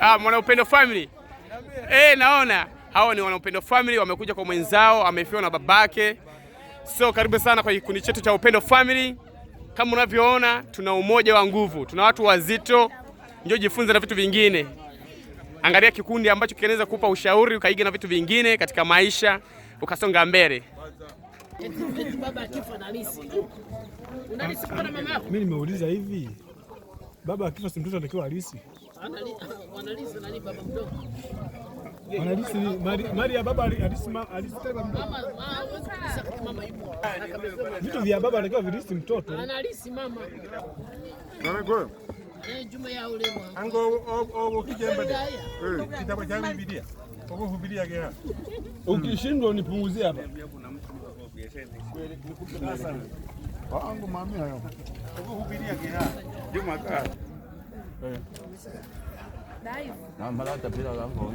Ah, Mwanaupendo family eh, naona hawa ni Wanaupendo family wamekuja kwa mwenzao, amefiwa na babake. So karibu sana kwa kikundi chetu cha Upendo family. Kama unavyoona, tuna umoja wa nguvu, tuna watu wazito. Njoo jifunze na vitu vingine. Angalia kikundi ambacho kinaweza kupa ushauri ukaige na vitu vingine katika maisha ukasonga mbele. Mimi nimeuliza hivi, baba akifa si mtoto anatakiwa alisi? Mali ya baba vitu vya baba anatakiwa vilisi mtoto ango obo kijembe eh, cha Biblia uko hubiria gera, ukishindwa unipunguzie hapa wangu ah, mami hayo uko hubiria gera Juma ka eh. na mara tapira lango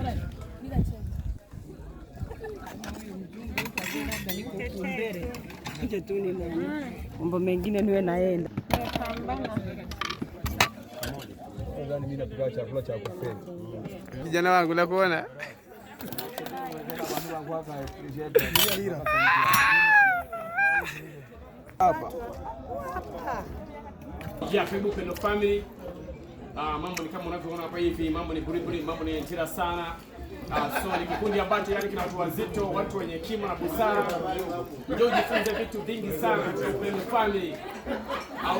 mbele kitu tu ni mambo mengine niwe naenda gani mimi napewa chakula cha kufeli. Kijana wangu nakuona hapa Uh, mambo ni kama unavyoona hapa hivi, mambo ni buriburi, mambo ni njira sana. Uh, so ni kikundi ambacho yani kina watu wazito, watu wenye hekima na busara, ndio ujifunze vitu vingi sana Family.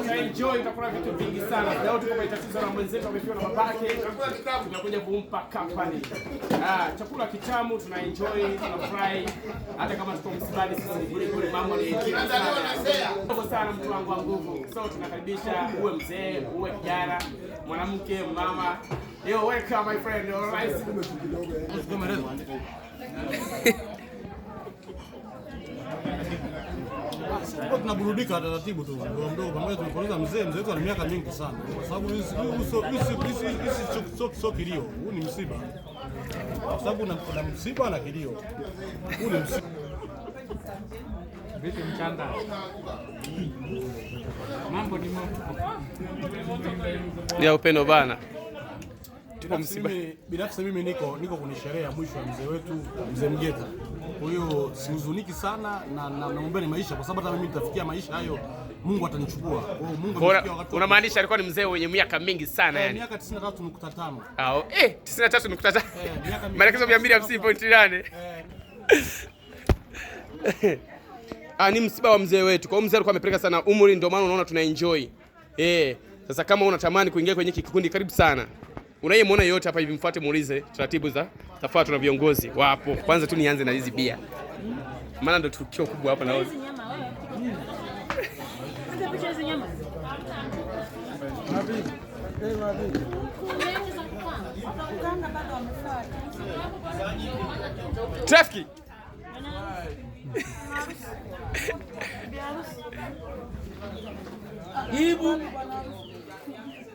Utaenjoy, utakula vitu vingi sana. Leo tuko kwenye tatizo la mwenzetu amefiwa na babake, tunakuja kumpa company. Ah, chakula kitamu, tunaenjoy, tunafurahi hata kama tuko msibani sisi bure bure, mama aliyekira sana mtu wangu wa nguvu. So tunakaribisha uwe mzee, uwe kijana, mwanamke, mama. Yo, welcome my friend. All right. tulikuwa tunaburudika taratibu tu mdogo mdogo, pamoja tulipoteza mzee mzee wetu ana miaka mingi sana, kwa sababu sio sio kilio, huu ni msiba, kwa sababu na msiba na kilio, huu ni msiba vipi mchanga, mambo ni moto ya upendo bana katika msiba. Binafsi mimi niko niko kwenye sherehe ya mwisho ya mzee wetu mzee Mgeta, kwa hiyo sihuzuniki sana na naombea ni maisha, kwa sababu hata mimi nitafikia maisha hayo, Mungu atanichukua. kwa Mungu Unamaanisha alikuwa ni mzee wenye miaka mingi sana eh, yani, miaka 93.5 au eh 93.5, maelekezo 250.8 Ah, ni msiba wa mzee wetu. Kwa hiyo mzee alikuwa amepeleka sana umri, ndio maana unaona tuna enjoy. Eh, sasa kama unatamani kuingia kwenye kikundi, karibu sana unayemwona yote hapa hivi, mfuate muulize taratibu za tafuta na viongozi wapo. Kwanza tu nianze na hizi bia, maana ndo tukio kubwa hapa na trafiki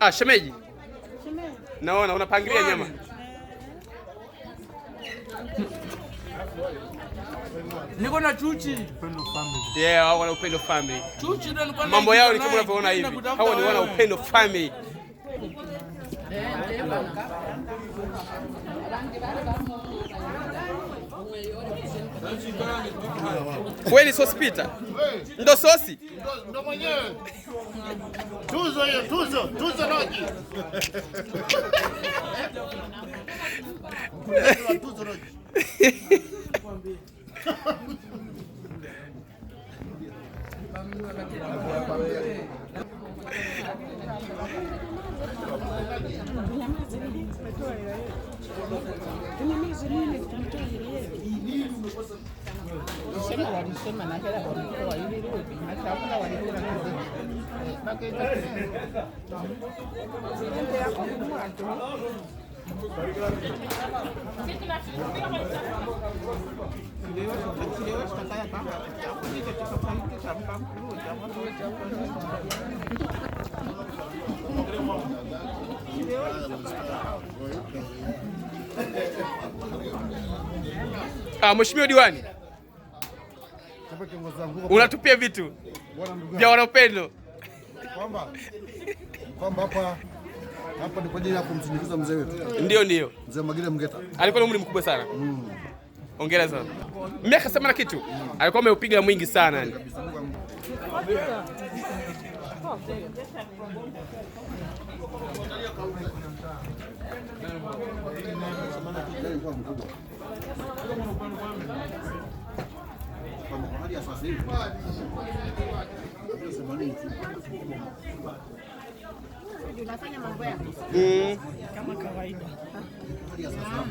ah, shemeji Naona unapangilia nyama. Niko na Chuchi. Yeah, hao wana Upendo Family. Chuchi ndio nilikuwa mambo yao ni kama unavyoona hivi. Hao ni wana Upendo Family. Kweli sosi pita? Ndo sosi? Ndo mwenyewe tuzo hiyo, tuzo tuzo Roji Ah, Mheshimiwa Diwani, unatupia vitu vya wanaupendo kwamba kwamba hapa hapa ni kwa ajili ya kumsindikiza mzee wetu. Ndio, ndio. Mzee Magile Mgeta alikuwa na umri mkubwa sana. Mm. Hongera sana. Miaka sema na kitu mm. alikuwa ameupiga mwingi sana yani. Unafanya mambo yako eh. kama kawaida. Ah.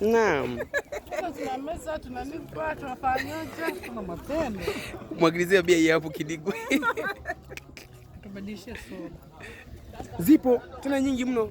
Naam. Mwagilizia bia hapo kidigwe. Zipo tena nyingi mno.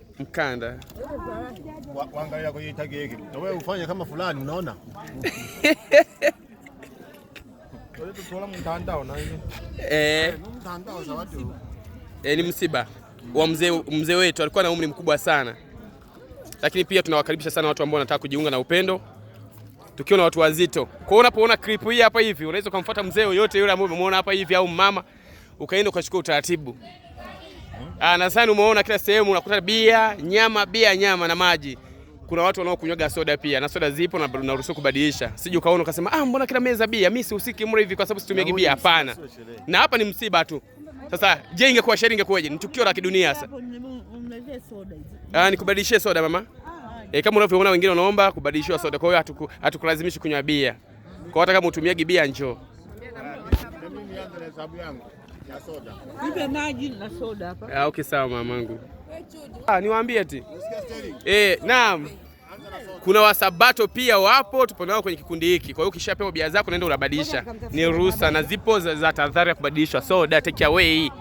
mkanda waangalia yake, na wewe ufanye kama fulani, unaona eh. eh, ni msiba wa mzee mzee wetu. Alikuwa na umri mkubwa sana, lakini pia tunawakaribisha sana watu ambao wanataka kujiunga na Upendo, tukiwa na watu wazito. Kwa hiyo unapoona clip hii hapa hivi, unaweza ukamfuata mzee yoyote yule ambaye umemwona hapa hivi au mama, ukaenda ukachukua utaratibu. Ah, Nadhani umeona kila sehemu unakuta bia, nyama, bia, nyama na maji. Kuna watu wanaokunywaga soda pia, na soda zipo na unaruhusiwa kubadilisha. Sije ukaona ukasema ah, mbona kila meza bia, mimi sihusiki mure hivi kwa sababu situmiagi bia. Hapana, na hapa ni msiba tu. Sasa je, ingekuwa sherehe ingekuwaje? Ni tukio la kidunia. Sasa Ah, nikubadilishie soda mama. E, kama unavyoona wengine wanaomba kubadilishiwa soda, kwa hiyo hatukulazimishi kunywa bia. Kwa hata kama utumiagi bia, njoo Ah, okay sawa mamangu. Ah, niwaambie ti eh, naam. Kuna wasabato pia wapo, tupo nao kwenye kikundi hiki. Kwa hiyo ukishapewa bia zako naenda unabadilisha, ni ruhusa na zipo za, za tahadhari ya kubadilishwa. So, da take away.